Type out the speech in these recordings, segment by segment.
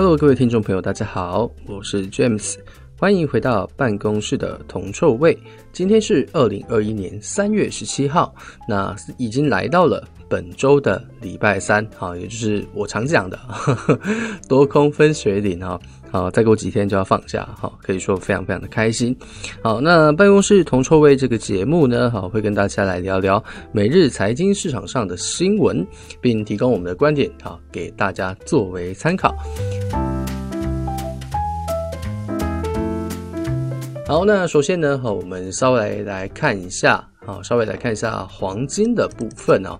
Hello，各位聽眾朋友，大家好，我是 James，歡迎回到辦公室的銅臭味。今天是二零二一年三月十七號，那已經來到了本週的禮拜三，好，也就是我常講的呵呵多空分水嶺，哦好，再過幾天就要放假，哈，可以說非常非常的開心。好，那辦公室銅臭味這個節目呢，好，會跟大家來聊聊每日財經市場上的新聞，並提供我們的觀點，好，給大家作為參考。好，那首先呢，好，我們稍微來，來看一下。好，稍微來看一下黃金的部分哦、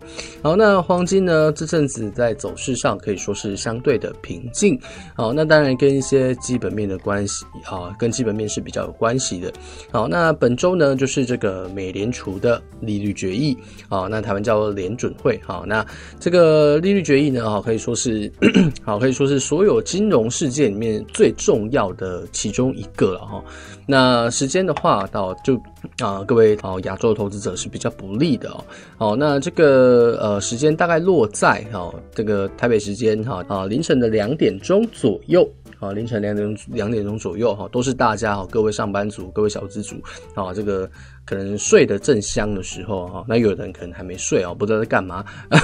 喔。好，那黃金呢？這陣子在走勢上可以說是相對的平靜。好，那當然跟一些基本面的關係好、啊、跟基本面是比較有關係的。好，那本周呢，就是這個美聯儲的利率決議。好，那台灣叫做聯準會。好，那這個利率決議呢，啊，可以說是， 好，可以說是所有金融事件裡面最重要的其中一個了哈。那時間的話，到就啊，各位啊亞洲的投資者是比較不利的哦。好、啊，那這個呃，時間大概落在哈、啊、這個台北時間哈啊，啊凌晨的兩點鐘左右，啊、凌晨兩點兩點鐘左右哈、啊，都是大家哈、啊、各位上班族、各位小資族。啊這個。可能睡得正香的時候哈，那有人可能還沒睡哦、喔，不知道在幹嘛。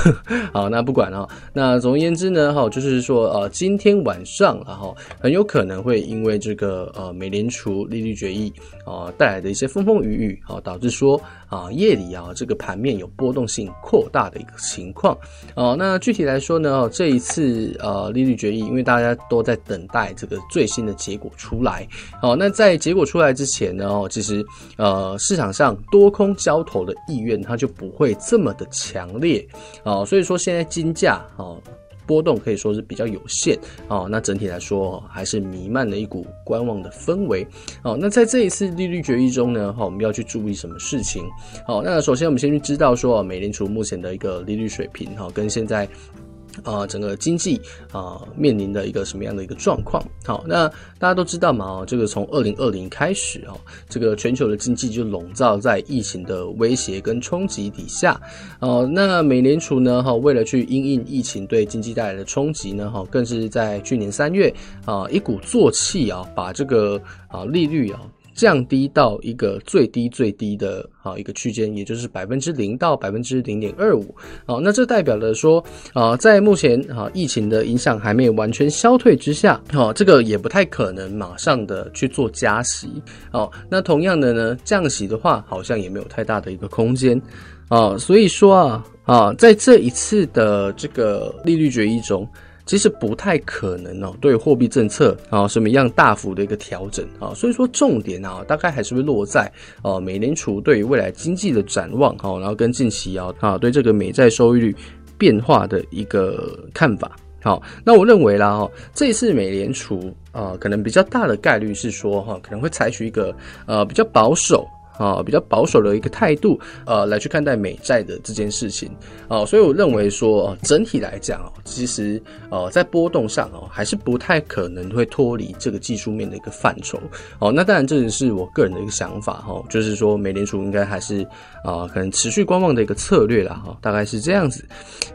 好，那不管了、喔。那總而言之呢，哈，就是說呃，今天晚上然後、呃、很有可能會因為這個呃美聯儲利率決議啊帶、呃、來的一些風風雨雨啊、呃，導致說啊、呃、夜裡啊這個盤面有波動性擴大的一個情況。哦、呃，那具體來說呢，呃、這一次呃利率決議，因為大家都在等待這個最新的結果出來。哦、呃，那在結果出來之前呢，哦、呃，其實呃市場。上多空交投的意願，它就不會這麼的強烈啊、哦，所以說現在金價啊、哦、波動可以說是比較有限啊、哦。那整體來說，還是彌漫了一股觀望的氛圍哦。那在這一次利率決議中呢，哦、我們要去注意什麼事情？好、哦，那首先我們先去知道說，美聯儲目前的一個利率水平哈、哦，跟現在。啊、呃，整個經濟啊、呃、面臨的一個什麼樣的一個狀況？好、哦，那大家都知道嘛，哦、這個從二零二零開始啊、哦，這個全球的經濟就籠罩在疫情的威脅跟衝擊底下。呃、哦、那美聯儲呢，哈、哦，為了去因應疫情對經濟帶來的衝擊呢，哈、哦，更是在去年三月啊、哦，一鼓作氣啊，把這個啊、哦、利率啊。降低到一個最低最低的啊一個區間，也就是百分之零到百分之零點二五，啊，那這代表了說啊，在目前啊疫情的影響還沒有完全消退之下，哦，這個也不太可能馬上的去做加息，哦，那同樣的呢，降息的話好像也沒有太大的一個空間，啊，所以說啊啊，在這一次的這個利率決議中。其實不太可能哦，對貨幣政策啊什麼樣大幅的一個調整啊，所以說重點呢，大概還是會落在啊，美聯儲對於未來經濟的展望哈，然後跟近期啊啊對這個美債收益率變化的一個看法。好，那我認為啦哈，這一次美聯儲啊可能比較大的概率是說哈，可能會採取一個呃比較保守。啊，比較保守的一個態度，呃，來去看待美債的這件事情，啊、呃，所以我認為說，整體來講其實呃，在波動上哦，還是不太可能會脫離這個技術面的一個範疇，哦、呃，那當然，這只是我個人的一個想法，哈、呃，就是說，美聯儲應該還是啊、呃，可能持續觀望的一個策略了，哈、呃，大概是這樣子。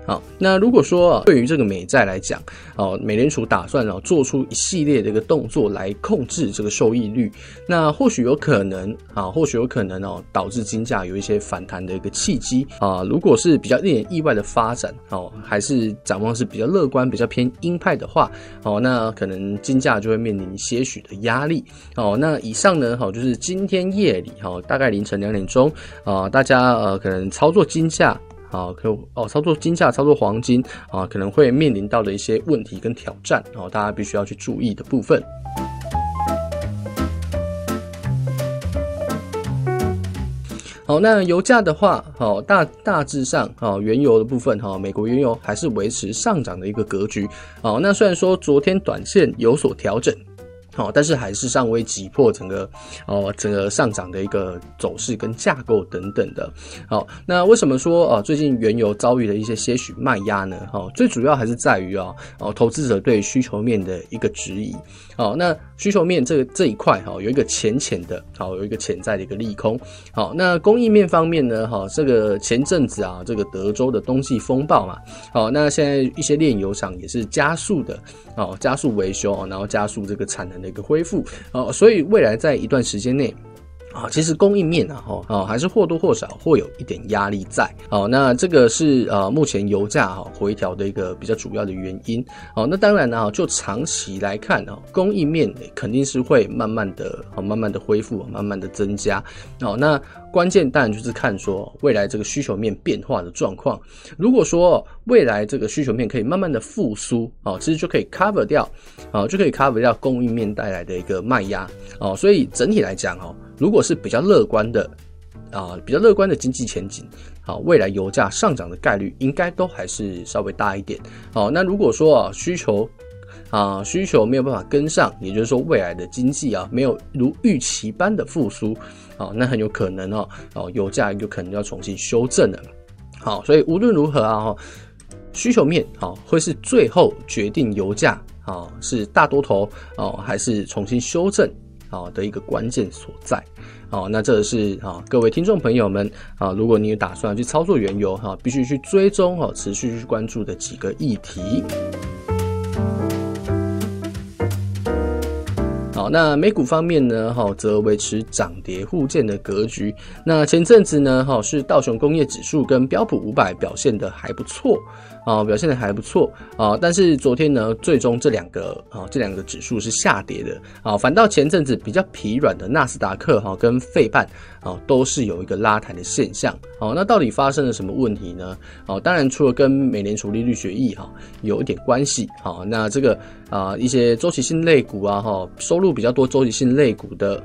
好、呃，那如果說、呃、對於這個美債來講，哦、呃，美聯儲打算啊、呃，做出一系列的一個動作來控制這個收益率，那或許有可能啊、呃，或許有。可能哦，導致金價有一些反彈的一個契機啊。如果是比較令人意外的發展哦，還是展望是比較樂觀、比較偏鷹派的話哦，那可能金價就會面臨些許的壓力哦。那以上呢，好、哦，就是今天夜裡哈、哦，大概凌晨兩點鐘啊、哦，大家呃，可能操作金價啊，可哦，操作金價、操作黃金啊、哦，可能會面臨到的一些問題跟挑戰哦，大家必須要去注意的部分。好，那油價的話，好、哦、大大致上，哈、哦，原油的部分，哈、哦，美國原油還是維持上漲的一個格局。好、哦，那雖然說昨天短線有所調整，好、哦，但是還是尚未擠破整個，哦，整個上漲的一個走勢跟架構等等的。好、哦，那為什麼說啊、哦，最近原油遭遇了一些些許賣壓呢？好、哦，最主要還是在於啊，哦，投資者對需求面的一個質疑。好，那需求面這個這一塊哈，有一個淺淺的，好，有一個潛在的一個利空。好，那供應面方面呢，哈，這個前陣子啊，這個德州的冬季風暴嘛，好，那現在一些煉油廠也是加速的，哦，加速維修，然後加速這個產能的一個恢復，哦，所以未來在一段時間內。啊，其實供應面啊，哈，啊還是或多或少會有一點壓力在。哦，那這個是呃目前油價哈回調的一個比較主要的原因。哦，那當然呢，就長期來看，哦，供應面肯定是會慢慢的，慢慢的恢復，慢慢的增加。哦，那關鍵當然就是看說未來這個需求面變化的狀況。如果說未來這個需求面可以慢慢的復甦，哦，其實就可以 cover 掉，哦，就可以 cover 掉供應面帶來的一個賣壓。哦，所以整體來講，哦。如果是比較樂觀的，啊，比較樂觀的經濟前景，啊，未來油價上漲的概率，應該都還是稍微大一點。好、啊,那如果說啊需求，啊需求沒有辦法跟上，也就是說未來的經濟啊沒有如預期般的復甦，啊，那很有可能哦、啊，哦、啊、油價有可能要重新修正了。好、啊，所以無論如何啊哈，需求面啊會是最後決定油價啊是大多頭哦、啊、還是重新修正，好，的一個關鍵所在。好，那這是啊，各位聽眾朋友們啊，如果你有打算去操作原油哈，必須去追蹤持續去關注的幾個議題。嗯、好，那美股方面呢，哈，則維持漲跌互見的格局。那前陣子呢，哈是道瓊工業指數跟標普五百表現得還不錯。啊、哦，表現的還不錯啊、哦，但是昨天呢，最終這兩個啊、哦，這兩個指數是下跌的啊、哦，反倒前陣子比較疲軟的納斯達克哈、哦、跟費半啊，都是有一個拉抬的現象。好、哦，那到底發生了什麼問題呢？好、哦，當然除了跟美聯儲利率決議哈有一點關係。好、哦，那這個啊、呃，一些周期性類股啊，哈、哦，收入比較多周期性類股的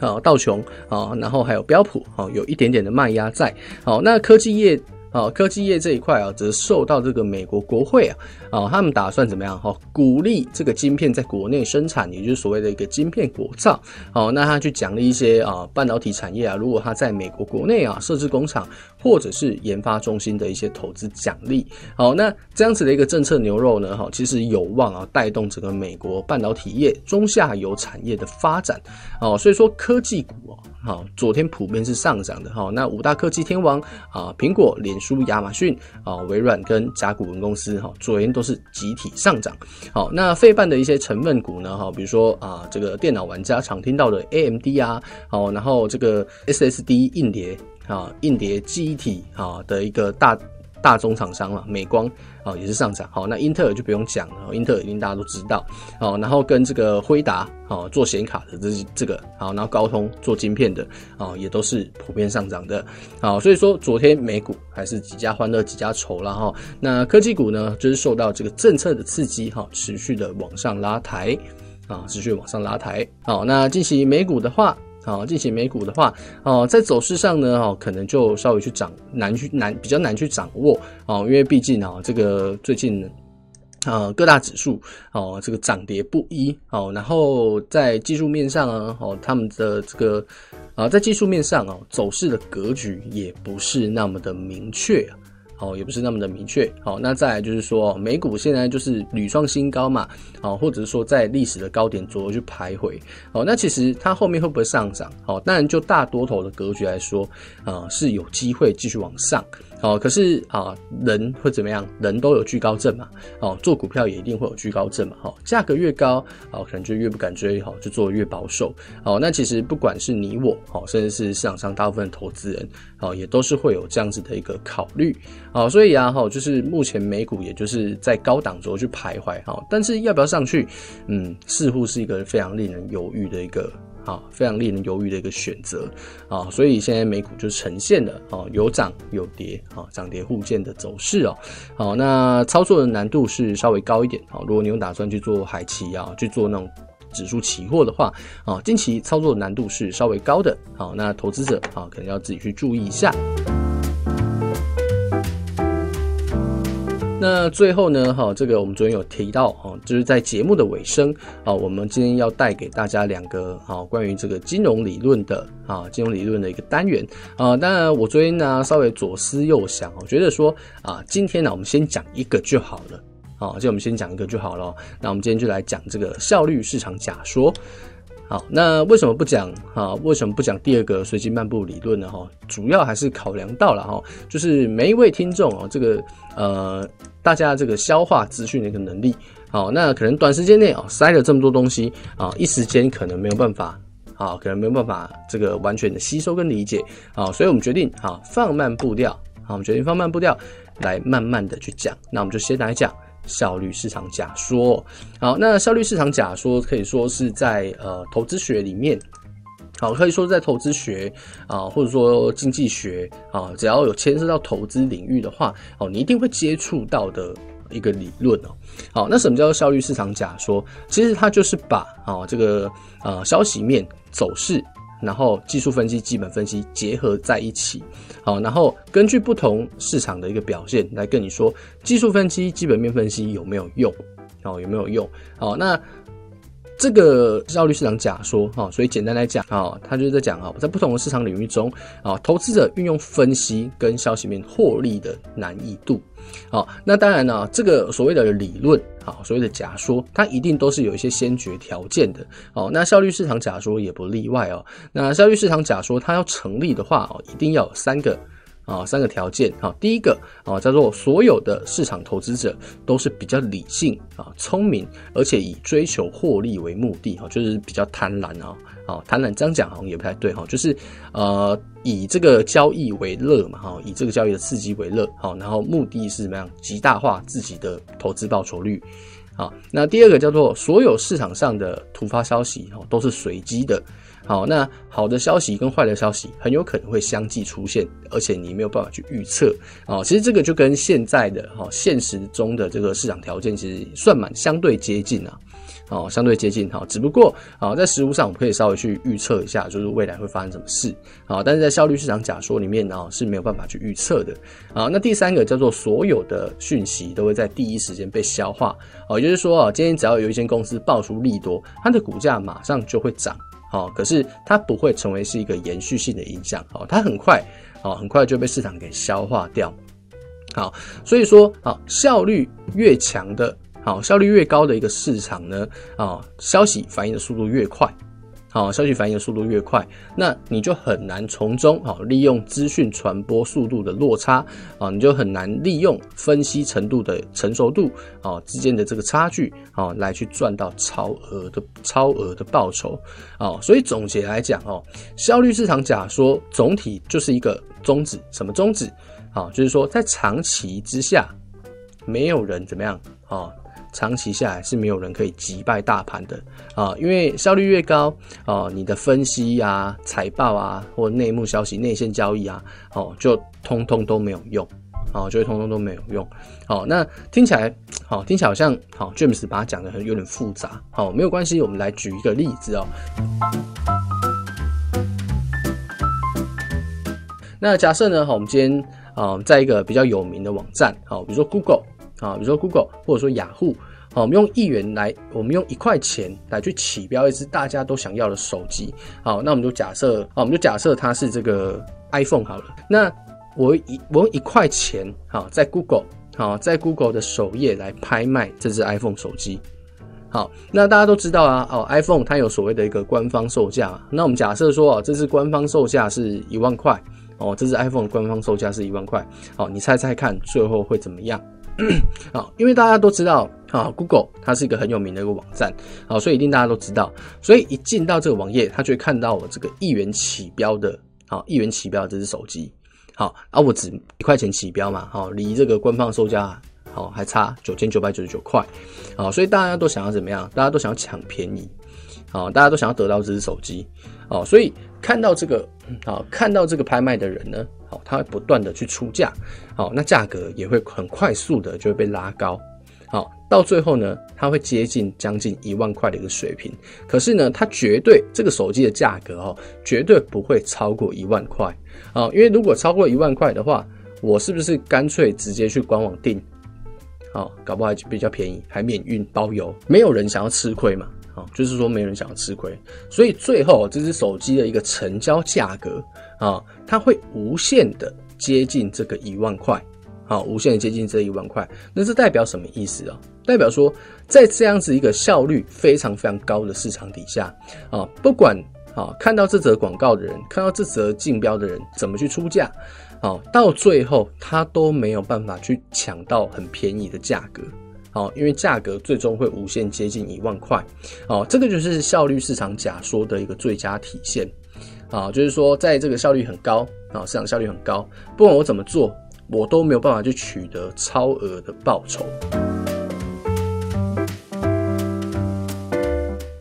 啊、哦、道瓊啊、哦，然後還有標普、哦、有一點點的賣壓在。好、哦，那科技業。好、哦，科技業這一塊啊，則受到這個美國國會啊，啊、哦，他們打算怎麼樣哈、哦？鼓勵這個晶片在國內生產，也就是所謂的一個晶片國造。好、哦，那他去獎勵一些啊半導體產業啊，如果他在美國國內啊設置工廠或者是研發中心的一些投資獎勵。好、哦，那這樣子的一個政策牛肉呢，哈、哦，其實有望啊帶動整個美國半導體業中下游產業的發展。哦，所以說科技股啊。好，昨天普遍是上漲的哈。那五大科技天王啊，蘋果、臉書、亞馬遜啊、微軟跟甲骨文公司哈，昨天都是集體上漲。好，那費半的一些成分股呢哈，比如說啊，這個電腦玩家常聽到的 AMD 啊，好，然後這個 SSD 硬碟啊，硬碟記憶體啊的一個大。大宗廠商了，美光啊，哦，也是上漲，好，那英特爾就不用講了，哦，英特爾一定大家都知道，好，哦，然後跟這個輝達啊做顯卡的這這個好，然後高通做晶片的啊，哦，也都是普遍上漲的，好，所以說昨天美股還是幾家歡樂幾家愁了哈，哦，那科技股呢就是受到這個政策的刺激哈，哦，持續的往上拉抬啊，哦，持續的往上拉抬，好，那近期美股的話。啊，進行美股的話，啊，在走勢上呢，哦，可能就稍微去掌，難去，難，比較難去掌握啊，因為畢竟啊，這個最近啊各大指數哦，這個漲跌不一哦，然後在技術面上啊，哦，他們的這個啊在技術面上哦，走勢的格局也不是那麼的明確啊。哦，也不是那麼的明確。好、哦，那再來就是說，美股現在就是屢創新高嘛，好、哦，或者是說在歷史的高點左右去徘徊。好、哦，那其實它後面會不會上漲？好、哦，當然就大多頭的格局來說，啊、呃，是有機會繼續往上。好、哦，可是啊，人會怎麼樣？人都有懼高症嘛。哦，做股票也一定會有懼高症嘛。好、哦，價格越高，啊、哦，可能就越不敢追，好、哦，就做越保守。好、哦，那其實不管是你我，好、哦，甚至是市場上大部分的投資人，好、哦，也都是會有這樣子的一個考慮。好、哦，所以啊，哈、哦，就是目前美股也就是在高檔周去徘徊，好、哦，但是要不要上去，嗯，似乎是一個非常令人猶豫的一個。啊，非常令人猶豫的一個選擇啊，所以現在美股就呈現了啊，有漲有跌啊，漲跌互見的走勢哦。好，那操作的難度是稍微高一點啊。如果你有打算去做海期啊，去做那種指數期貨的話啊，近期操作的難度是稍微高的。好，那投資者啊，可能要自己去注意一下。那最後呢？哈，這個我們昨天有提到啊，就是在節目的尾聲啊，我們今天要帶給大家兩個啊，關於這個金融理論的啊，金融理論的一個單元啊。當然，我昨天呢，稍微左思右想，我覺得說啊，今天呢，我們先講一個就好了好，就我們先講一個就好了。那我們今天就來講這個效率市場假說。好，那為什麼不講哈？為什麼不講第二個隨機漫步理論呢？哈，主要還是考量到了哈，就是每一位聽眾啊，這個呃，大家這個消化資訊的一個能力。好，那可能短時間內哦，塞了這麼多東西啊，一時間可能沒有辦法啊，可能沒有辦法這個完全的吸收跟理解。好，所以我們決定啊，放慢步調。好，我們決定放慢步調，來慢慢的去講。那我們就先來講。效率市場假說，好，那效率市場假說可以說是在呃投資學裡面，好，可以說在投資學啊、呃，或者說經濟學啊、呃，只要有牽涉到投資領域的話，哦、呃，你一定會接觸到的一個理論哦、喔。好，那什麼叫做效率市場假說？其實它就是把啊、呃、這個啊、呃、消息面走勢。然後技術分析、基本分析結合在一起，好，然後根據不同市場的一個表現來跟你說技術分析、基本面分析有沒有用，好，有沒有用？好，那。這個效率市場假說哈，所以簡單來講啊，它就是在講啊，在不同的市場領域中啊，投資者運用分析跟消息面獲利的難易度。好，那當然呢，這個所謂的理論啊，所謂的假說，它一定都是有一些先決條件的。那效率市場假說也不例外哦。那效率市場假說它要成立的話，一定要有三個。啊，三個條件啊，第一個啊叫做所有的市場投資者都是比較理性啊，聰明，而且以追求獲利為目的哈，就是比較貪婪啊，好貪婪這樣講好像也不太對哈，就是呃以這個交易為樂嘛哈，以這個交易的刺激為樂。好，然後目的是怎麼樣？極大化自己的投資報酬率啊。那第二個叫做所有市場上的突發消息哦都是隨機的。好，那好的消息跟壞的消息很有可能會相繼出現，而且你沒有辦法去預測。哦，其實這個就跟現在的哈、哦、現實中的這個市場條件其實算蠻相對接近啊，哦，相對接近哈、哦。只不過啊、哦，在實務上我們可以稍微去預測一下，就是未來會發生什麼事啊、哦。但是在效率市場假說裡面呢、哦、是沒有辦法去預測的。啊、哦，那第三個叫做所有的訊息都會在第一時間被消化。哦，也就是說啊，今天只要有一間公司爆出利多，它的股價馬上就會漲。好、哦，可是它不會成為是一個延續性的影響，好、哦，它很快，好、哦，很快就被市場給消化掉，好，所以說，好、哦，效率越強的，好、哦，效率越高的一個市場呢，啊、哦，消息反應的速度越快，好、哦，消息反應的速度越快，那你就很難從中好、哦、利用資訊傳播速度的落差啊、哦，你就很難利用分析程度的成熟度啊、哦、之間的這個差距啊、哦、來去賺到超額的超額的報酬啊、哦。所以總結來講哦，效率市場假說總體就是一個宗旨，什麼宗旨啊、哦就是說在長期之下，沒有人怎麼樣啊？哦長期下來是沒有人可以擊敗大盤的啊，因為效率越高，啊、你的分析啊、財報啊或內幕消息、內線交易啊，哦就通通都沒有用啊，就會通通都沒有用。好、啊啊，那聽起來好、啊，聽起來好像好、啊、，James 把它講得很有點複雜。好、啊，沒有關係，我們來舉一個例子哦。那假設呢，啊、我們今天啊，在一個比較有名的網站，好、啊，比如說 Google。啊，比如說 Google，或者說雅虎，好，我們用一元來，我們用一塊錢來去起標一支大家都想要的手機，好，那我們就假設，好，我們就假設它是這個 iPhone 好了。那我一我用一塊錢，好，在 Google，好，在 Google 的首頁來拍賣這支 iPhone 手機。好，那大家都知道啊，哦，iPhone 它有所謂的一個官方售價，那我們假設說，哦，這支官方售價是一萬塊，哦，這支 iPhone 官方售價是一萬塊，哦，好，你猜猜看最後會怎麼樣？ 好，因為大家都知道，Google 它是一個很有名的一個網站，所以一定大家都知道，所以一進到這個網頁，它就會看到我這個一元起標的，好，一元起標的，這隻手機，好，啊，我只一塊錢起標嘛，好，離這個官方售價，好，還差九千九百九十九塊，好，所以大家都想要怎麼樣？大家都想要搶便宜，好，大家都想要得到這隻手機，哦，所以看到這個。好，看到這個拍賣的人呢，好、哦，他會不斷的去出價，好、哦，那價格也會很快速的就會被拉高，好、哦，到最後呢，他會接近將近一萬塊的一個水平，可是呢，他絕對，這個手機的價格哦，絕對不會超過一萬塊，啊、哦，因為如果超過一萬塊的話，我是不是乾脆直接去官網訂，好、哦，搞不好就比較便宜，還免運包郵，沒有人想要吃虧嘛。就是說，沒人想要吃虧，所以最後這隻手機的一個成交價格啊，它會無限的接近這個一萬塊，啊，無限的接近這一萬塊。那這代表什麼意思啊？代表說，在這樣子一個效率非常非常高的市場底下，啊，不管啊看到這則廣告的人，看到這則競標的人怎麼去出價，到最後他都沒有辦法去搶到很便宜的價格。哦，因為價格最終會無限接近一萬塊，哦，這個就是效率市場假說的一個最佳體現，啊、哦，就是說在這個效率很高啊、哦，市場效率很高，不管我怎麼做，我都沒有辦法去取得超額的報酬。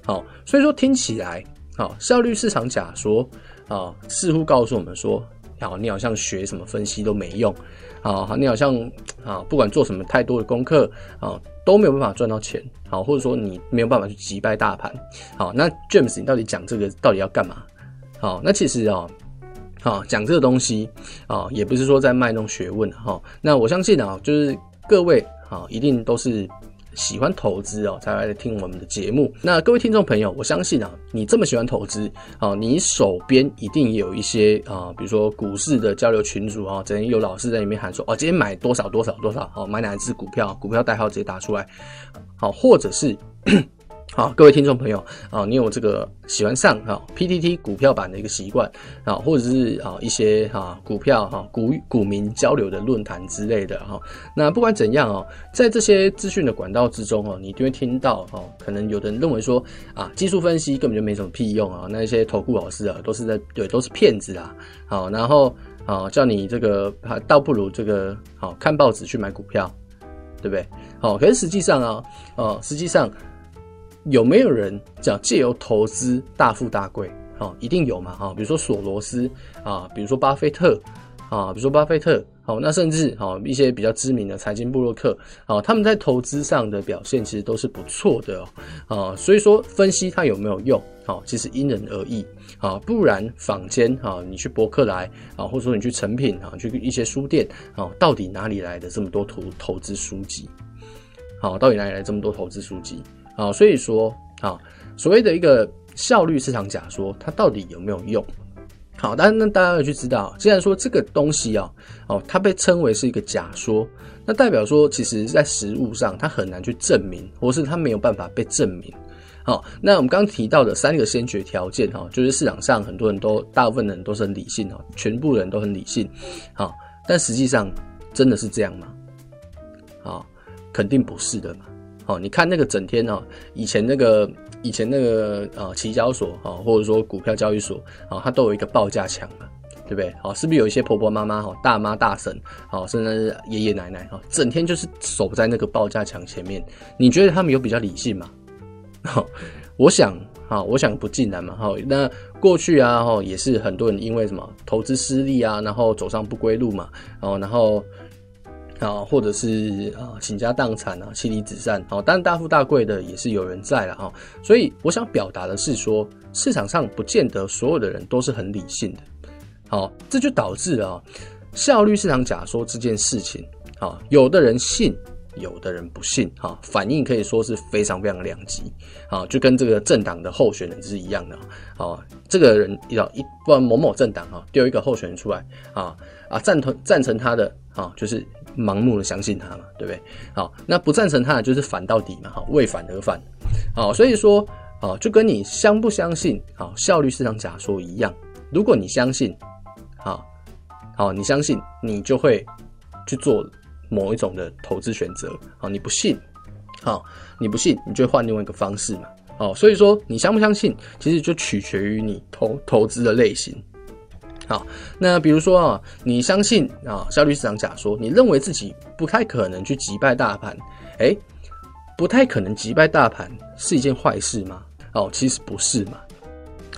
好、哦，所以說聽起來，好、哦，效率市場假說啊、哦，似乎告訴我們說，好，你好像學什麼分析都沒用。好好，你好像啊，不管做什麼太多的功課啊、哦，都沒有辦法賺到錢，好，或者說你沒有辦法去擊敗大盤，好，那 James，你到底講這個到底要幹嘛？好，那其實啊、哦，好講這個東西啊、哦，也不是說在賣弄學問哈、哦，那我相信啊、哦，就是各位啊、哦，一定都是。喜歡投資哦，才來聽我們的節目。那各位聽眾朋友，我相信啊，你這麼喜歡投資啊、哦，你手邊一定也有一些啊、呃，比如說股市的交流群組啊、哦，整天有老師在裡面喊說，哦，今天買多少多少多少，好、哦，買哪一支股票，股票代號直接打出來，好、哦，或者是。 好，各位聽眾朋友啊，你有這個喜歡上、啊、PTT 股票版的一個習慣啊，或者是啊一些哈、啊、股票哈、啊、股股民交流的論壇之類的哈、啊。那不管怎樣哦、啊，在這些資訊的管道之中哦、啊，你都會聽到、啊、可能有的人認為說啊，技術分析根本就沒什麼屁用啊，那一些投顧老師啊，都是在對，都是騙子啊。好，然後啊，叫你這個倒不如這個好、啊、看報紙去買股票，對不對？好、啊，可是實際上啊，啊實際上。有沒有人講借由投資大富大貴？哦，一定有嘛！哈，比如說索羅斯啊，比如說巴菲特啊，比如說巴菲特，好、啊啊，那甚至哈、啊、一些比較知名的財經部落客，好、啊，他們在投資上的表現其實都是不錯的哦，啊，所以說分析它有沒有用？好、啊，其實因人而異，啊，不然坊間哈、啊，你去博客來啊，或者說你去誠品啊，去一些書店啊，到底哪裡來的這麼多投投資書籍？好、啊，到底哪裡來這麼多投資書籍？好、哦，所以說，好、哦，所謂的一個效率市場假說，它到底有沒有用？好，但那大家要去知道，既然說這個東西啊、哦，哦，它被稱為是一個假說，那代表說，其實在實務上，它很難去證明，或是它沒有辦法被證明。好、哦，那我們剛剛提到的三個先決條件，哈、哦，就是市場上很多人都，大部分的人都是很理性，哈、哦，全部人都很理性，好、哦，但實際上真的是這樣嗎？好、哦，肯定不是的嘛。哦，你看那個整天哦，以前那個以前那個呃，期交所、哦啊、哦，或者說股票交易所啊、哦，它都有一個報價牆嘛，對不對？好、哦，是不是有一些婆婆媽媽哈、哦、大媽大嬸啊、哦，甚至是爺爺奶奶啊、哦，整天就是守在那個報價牆前面？你覺得他們有比較理性嗎？好、哦，我想啊、哦，我想不盡然嘛。好、哦，那過去啊，哈、哦，也是很多人因為什麼投資失利啊，然後走上不歸路嘛。哦，然後。啊，或者是啊，傾家蕩產啊，妻離子散。好、啊，當然大富大貴的也是有人在了啊。所以我想表達的是說，市場上不見得所有的人都是很理性的。好、啊，這就導致了啊，效率市場假說這件事情，好、啊，有的人信，有的人不信。哈、啊，反應可以說是非常非常兩極。啊，就跟這個政黨的候選人是一樣的。啊，這個人要一，一，一不然某某政黨啊，丟一個候選人出來啊啊，贊同贊成他的啊，就是。盲目的相信他嘛，對不對？好，那不贊成他的就是反到底嘛，好，為反而反，好，所以說，就跟你相不相信啊效率市場假說一樣，如果你相信好，好，你相信你就會去做某一種的投資選擇，好你不信好，你不信你就會換另外一個方式嘛，好所以說你相不相信其實就取決於你投投資的類型。好，那比如說啊、哦，你相信啊，效、哦、率市場假說，你認為自己不太可能去擊敗大盤，哎、欸，不太可能擊敗大盤是一件壞事嗎？哦，其實不是嘛。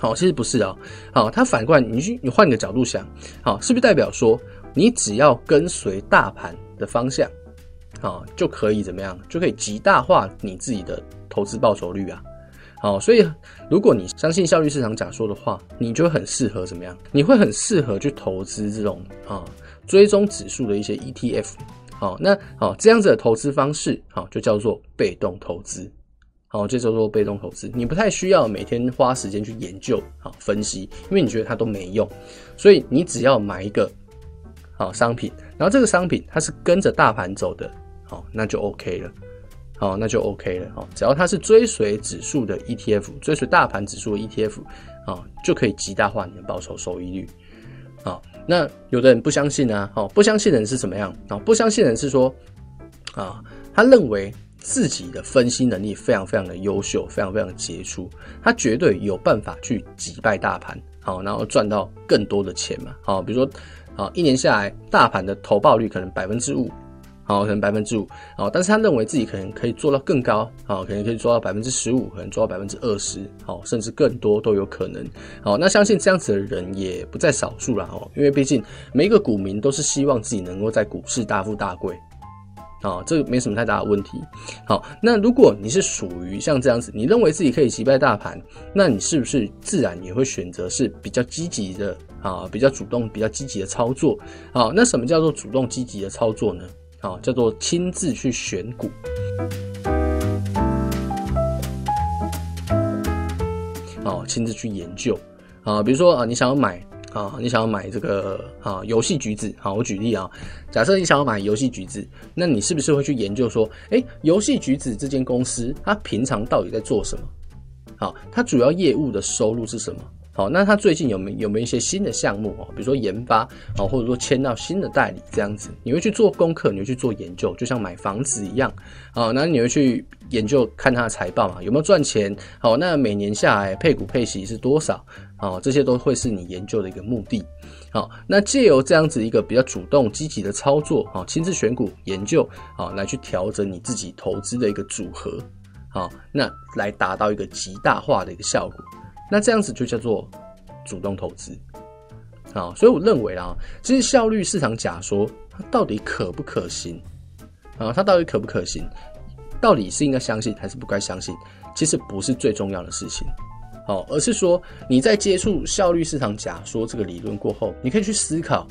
好、哦，其實不是啊、哦。好、哦，他反過來，你去，你換個角度想，好、哦，是不是代表說，你只要跟隨大盤的方向，好、哦，就可以怎麼樣，就可以極大化你自己的投資報酬率啊？好，所以如果你相信效率市場假說的話，你就很適合怎麼樣？你會很適合去投資這種啊追蹤指數的一些 ETF、啊。好，那好、啊，這樣子的投資方式，好、啊，就叫做被動投資。好、啊，這叫做被動投資，你不太需要每天花時間去研究，好、啊，分析，因為你覺得它都沒用，所以你只要買一個好、啊、商品，然後這個商品它是跟着大盤走的，好、啊，那就 OK 了。哦，那就 OK 了哦，只要它是追隨指數的 ETF，追隨大盤指數的 ETF，啊、哦，就可以極大化你的報酬收益率。啊、哦，那有的人不相信啊，哦，不相信的人是怎麼樣啊、哦？不相信的人是說啊、哦，他認為自己的分析能力非常非常的優秀，非常非常的傑出，他絕對有辦法去擊敗大盤，好、哦，然後賺到更多的錢嘛。好、哦，比如說、哦、一年下來，大盤的投報率可能百分之五。好，可能百分之五，好，但是他認為自己可能可以做到更高，好，可能可以做到百分之十五，可能做到百分之二十，好，甚至更多都有可能，好，那相信這樣子的人也不在少數啦，哦，因為畢竟每一個股民都是希望自己能夠在股市大富大貴，好，這個沒什麼太大的問題，好，那如果你是屬於像這樣子，你認為自己可以擊敗大盤，那你是不是自然也會選擇是比較積極的啊，比較主動、比較積極的操作？好，那什麼叫做主動積極的操作呢？好，叫做親自去選股，好，親自去研究，啊，比如說啊，你想要買啊，你想要買這個啊，遊戲橘子，好，我舉例啊，假設你想要買遊戲橘子，那你是不是會去研究說，誒，遊戲橘子這間公司，它平常到底在做什麼？好，它主要業務的收入是什麼？哦，那他最近有沒有沒有一些新的項目哦？比如說研發啊，或者說簽到新的代理這樣子，你會去做功課，你會去做研究，就像買房子一樣。好，那你會去研究看他的財報嘛？有沒有賺錢？好，那每年下來配股配息是多少？哦，這些都會是你研究的一個目的。好，那借由這樣子一個比較主動積極的操作啊，親自選股研究啊，來去調整你自己投資的一個組合。好，那來達到一個極大化的一個效果。那這樣子就叫做主動投資，啊，所以我認為啊，其實效率市場假說它到底可不可行，啊，它到底可不可行，到底是應該相信還是不該相信，其實不是最重要的事情，而是說你在接觸效率市場假說這個理論過後，你可以去思考。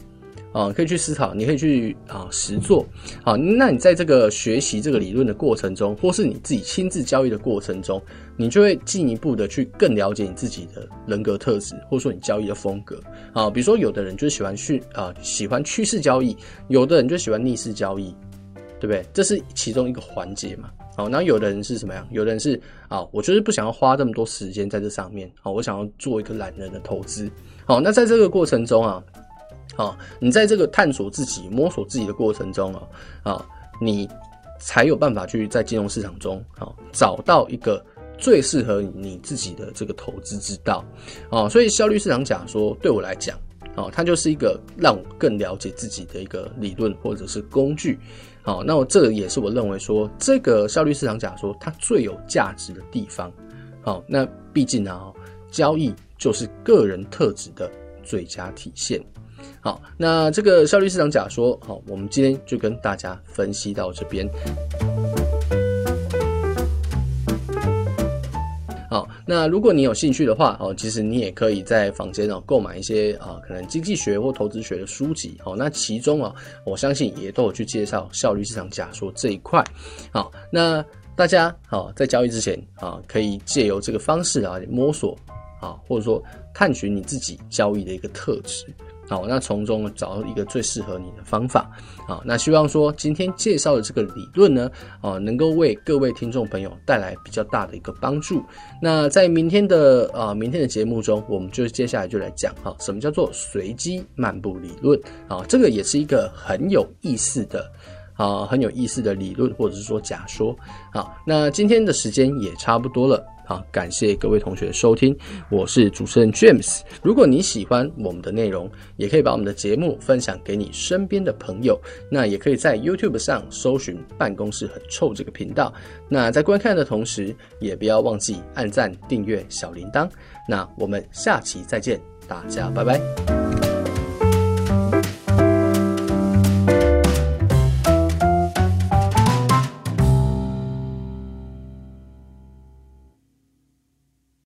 啊，可以去思考，你可以去啊實做，好，那你在這個學習這個理論的過程中，或是你自己親自交易的過程中，你就會進一步的去更了解你自己的人格特質，或者說你交易的風格啊，比如說有的人就是喜歡去啊喜歡趨勢交易，有的人就喜歡逆勢交易，對不對？這是其中一個環節嘛，好，那有的人是什麼樣？有的人是啊，我就是不想要花這麼多時間在這上面，好，我想要做一個懶人的投資，好，那在這個過程中啊。哦、你在這個探索自己、摸索自己的過程中啊、哦，你才有辦法去在金融市場中、哦、找到一個最適合你自己的這個投資之道。哦、所以效率市場假說，對我來講、哦，它就是一個讓我更了解自己的一個理論或者是工具。哦、那那這也是我認為說，這個效率市場假說它最有價值的地方。哦、那畢竟呢，啊，交易就是個人特質的最佳體現。好，那這個效率市場假說，好，我們今天就跟大家分析到這邊。好，那如果你有興趣的話，哦，其實你也可以在坊間哦購買一些啊，可能經濟學或投資學的書籍，好，那其中啊，我相信也都有去介紹效率市場假說這一塊。好，那大家好，在交易之前啊，可以借由這個方式啊摸索啊，或者說探尋你自己交易的一個特質。好，那從中找到一個最適合你的方法。好，那希望說今天介紹的這個理論呢，啊，能夠為各位聽眾朋友帶來比較大的一個幫助。那在明天的啊，明天的節目中，我們就接下來就來講哈，什麼叫做隨機漫步理論。啊，這個也是一個很有意思的啊，很有意思的理論或者是說假說。好，那今天的時間也差不多了。好，感謝各位同學的收聽，我是主持人 James。如果你喜歡我們的內容，也可以把我們的節目分享給你身邊的朋友。那也可以在 YouTube 上搜尋“辦公室很臭”這個頻道。那在觀看的同時，也不要忘記按贊、訂閱、小鈴鐺。那我們下期再見，大家拜拜。